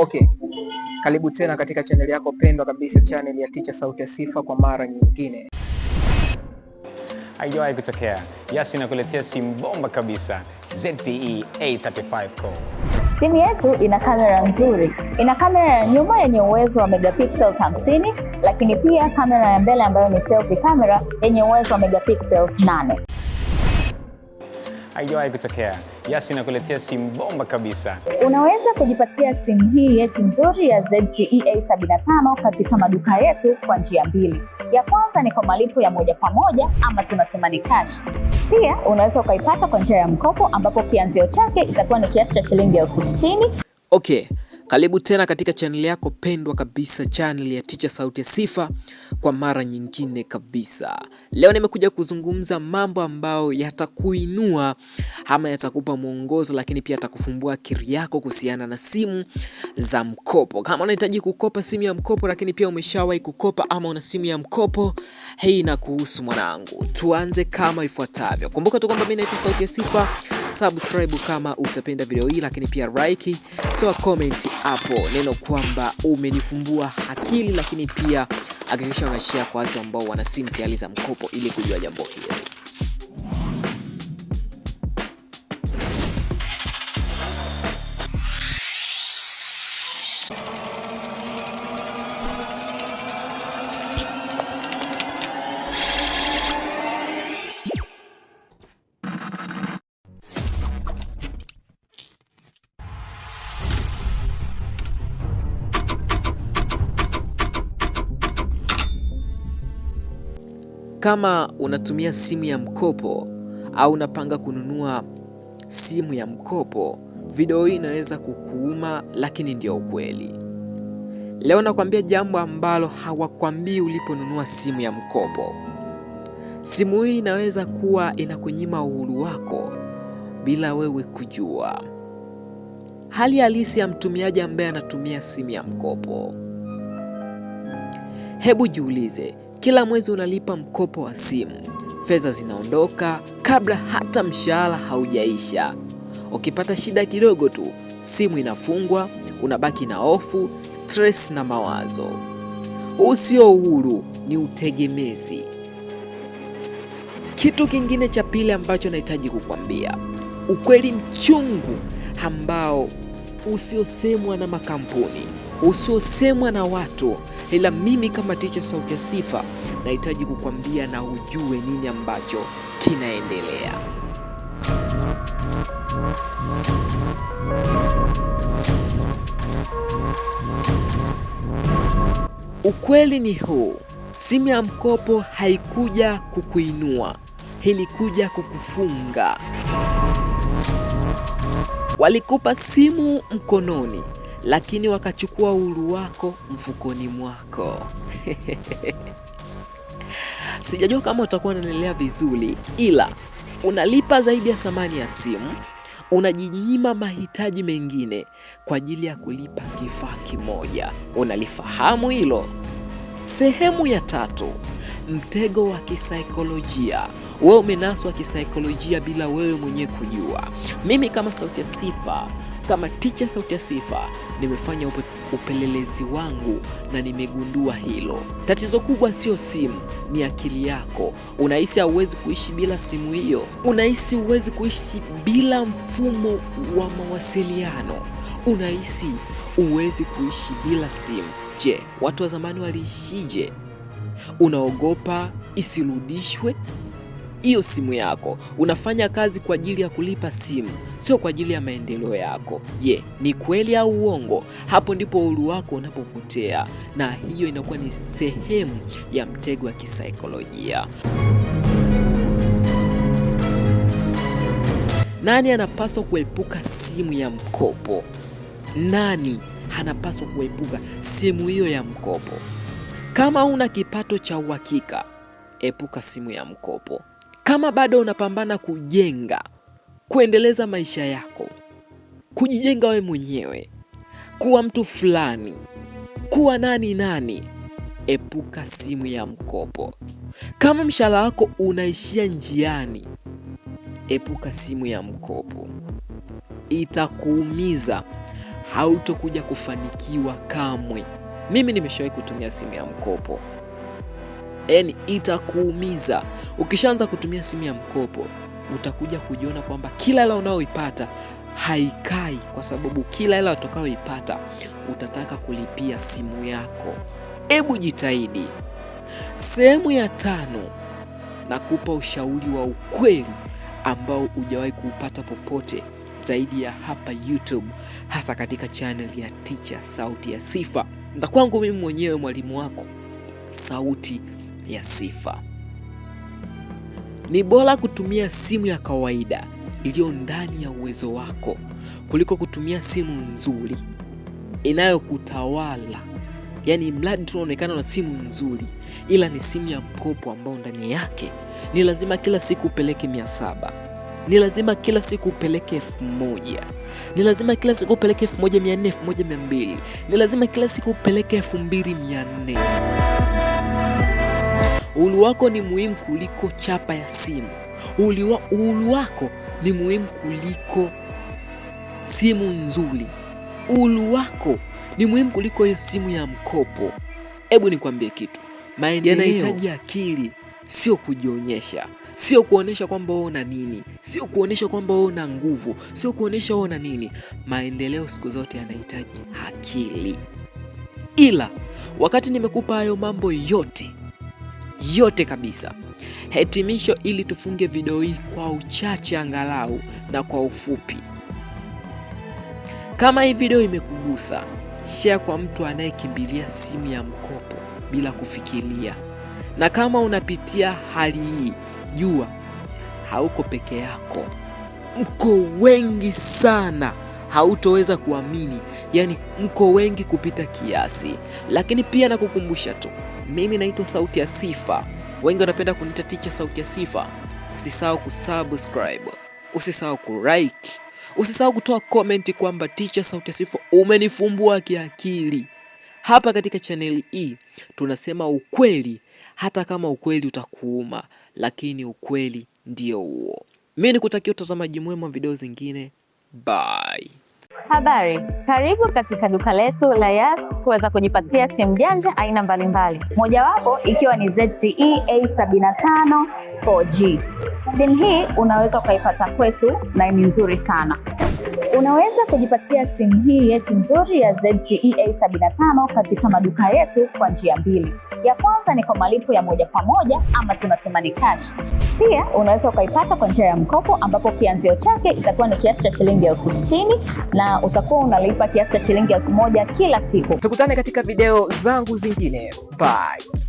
Okay. Karibu tena katika chaneli yako pendwa kabisa, channel ya Teacher Sauti ya Sifa kwa mara nyingine. Haijawahi kutokea. Yasi inakuletea simu bomba kabisa ZTE A35 co Simu yetu ina kamera nzuri, ina kamera ya nyuma yenye uwezo wa megapixels 50, lakini pia kamera ya mbele ambayo ni selfie camera yenye uwezo wa megapixels 8 haijawahi kutokea. Yasi inakuletea simu bomba kabisa. Unaweza kujipatia simu hii yetu nzuri ya ZTE A75 katika maduka yetu kwa njia mbili. Ya kwanza ni kwa malipo ya moja kwa moja ama tunasema ni cash. Pia unaweza ukaipata kwa njia ya mkopo ambapo kianzio chake itakuwa ni kiasi cha shilingi elfu sitini. Okay. Karibu tena katika chaneli yako pendwa kabisa, chaneli ya Teacher Sauti ya Sifa. Kwa mara nyingine kabisa, leo nimekuja kuzungumza mambo ambayo yatakuinua ama yatakupa mwongozo, lakini pia yatakufumbua akili yako kuhusiana na simu za mkopo. Kama unahitaji kukopa simu ya mkopo, lakini pia umeshawahi kukopa ama una simu ya mkopo, hii inakuhusu mwanangu. Tuanze kama ifuatavyo. Kumbuka tu kwamba mimi naitwa Sauti ya Sifa subscribe kama utapenda video hii, lakini pia like, toa comment hapo neno kwamba umenifumbua akili, lakini pia hakikisha unashare kwa watu ambao wana simu tayari za mkopo ili kujua jambo hili. Kama unatumia simu ya mkopo au unapanga kununua simu ya mkopo, video hii inaweza kukuuma, lakini ndio ukweli. Leo nakwambia jambo ambalo hawakwambii uliponunua simu ya mkopo. Simu hii inaweza kuwa inakunyima uhuru wako bila wewe kujua. Hali halisi ya mtumiaji ambaye anatumia simu ya mkopo. Hebu jiulize, kila mwezi unalipa mkopo wa simu, fedha zinaondoka kabla hata mshahara haujaisha. Ukipata shida kidogo tu, simu inafungwa, unabaki na hofu, stress na mawazo. Huu sio uhuru, ni utegemezi. Kitu kingine cha pili ambacho nahitaji kukwambia, ukweli mchungu ambao usiosemwa na makampuni, usiosemwa na watu ila mimi kama Teacher Sauti ya Sifa nahitaji kukwambia na ujue nini ambacho kinaendelea. Ukweli ni huu, simu ya mkopo haikuja kukuinua, ilikuja kukufunga. Walikupa simu mkononi lakini wakachukua uhuru wako mfukoni mwako. Sijajua kama utakuwa unaendelea vizuri, ila unalipa zaidi ya thamani ya simu, unajinyima mahitaji mengine kwa ajili ya kulipa kifaa kimoja. Unalifahamu hilo? Sehemu ya tatu, mtego wa kisaikolojia. Wewe umenaswa kisaikolojia bila wewe mwenyewe kujua. Mimi kama Sauti ya Sifa kama ticha Sauti ya Sifa nimefanya upe, upelelezi wangu na nimegundua hilo. Tatizo kubwa sio simu, ni akili yako. Unahisi hauwezi kuishi bila simu hiyo, unahisi huwezi kuishi bila mfumo wa mawasiliano, unahisi huwezi kuishi bila simu. Je, watu wa zamani waliishije? Unaogopa isirudishwe? hiyo simu yako. Unafanya kazi kwa ajili ya kulipa simu, sio kwa ajili ya maendeleo yako. Je, ni kweli au uongo? Hapo ndipo uhuru wako unapopotea, na hiyo inakuwa ni sehemu ya mtego wa kisaikolojia. Nani anapaswa kuepuka simu ya mkopo? Nani anapaswa kuepuka simu hiyo ya mkopo? Kama una kipato cha uhakika, epuka simu ya mkopo. Kama bado unapambana kujenga, kuendeleza maisha yako, kujijenga wewe mwenyewe, kuwa mtu fulani, kuwa nani nani, epuka simu ya mkopo. Kama mshahara wako unaishia njiani, epuka simu ya mkopo, itakuumiza, hautokuja kufanikiwa kamwe. Mimi nimeshawahi kutumia simu ya mkopo yani itakuumiza. Ukishaanza kutumia simu ya mkopo, utakuja kujiona kwamba kila hela unayoipata haikai, kwa sababu kila hela utakayoipata utataka kulipia simu yako. Hebu jitahidi. Sehemu ya tano, nakupa ushauri wa ukweli ambao hujawahi kuupata popote zaidi ya hapa YouTube, hasa katika channel ya Teacher Sauti ya Sifa, na kwangu mimi mwenyewe mwalimu wako Sauti ya sifa. Ni bora kutumia simu ya kawaida iliyo ndani ya uwezo wako kuliko kutumia simu nzuri inayokutawala. Yaani, mradi tunaonekana na simu nzuri, ila ni simu ya mkopo ambao ndani yake ni lazima kila siku upeleke mia saba, ni lazima kila siku upeleke elfu moja, ni lazima kila siku upeleke elfu moja mia nne elfu moja mia mbili ni lazima kila siku upeleke elfu mbili mia nne Uhuru wako ni muhimu kuliko chapa ya simu. Uhuru wako ni muhimu kuliko simu nzuri. Uhuru wako ni muhimu kuliko hiyo simu ya mkopo. Hebu nikwambie kitu, maendeleo yanahitaji akili, sio kujionyesha, sio kuonesha kwamba wewe una nini, sio kuonesha kwamba wewe una nguvu, sio kuonesha wewe una nini. Maendeleo siku zote yanahitaji akili. Ila wakati nimekupa hayo mambo yote yote kabisa. Hitimisho ili tufunge video hii kwa uchache angalau na kwa ufupi. Kama hii video imekugusa, share kwa mtu anayekimbilia simu ya mkopo bila kufikiria. Na kama unapitia hali hii, jua hauko peke yako, mko wengi sana, hautoweza kuamini. Yaani mko wengi kupita kiasi, lakini pia nakukumbusha tu mimi naitwa Sauti ya Sifa, wengi wanapenda kuniita Ticha Sauti ya Sifa. Usisahau kusubscribe, usisahau kulike, usisahau kutoa comment kwamba Ticha Sauti ya Sifa umenifumbua kiakili. Hapa katika chaneli hii tunasema ukweli, hata kama ukweli utakuuma, lakini ukweli ndio huo. Mimi nikutakia utazamaji mwema video zingine. Bye. Habari, karibu katika duka letu la Yas kuweza kujipatia simu janja aina mbalimbali, mojawapo ikiwa ni ZTE A75 4G. Simu hii unaweza ukaipata kwetu na ni nzuri sana. Unaweza kujipatia simu hii yetu nzuri ya ZTE A75 katika maduka yetu kwa njia mbili. Ya kwanza ni kwa malipo ya moja kwa moja ama tunasema ni cash. Pia unaweza ukaipata kwa njia ya mkopo, ambapo kianzio chake itakuwa ni kiasi cha shilingi elfu sitini na utakuwa unalipa kiasi cha shilingi elfu moja kila siku. Tukutane katika video zangu zingine. Bye.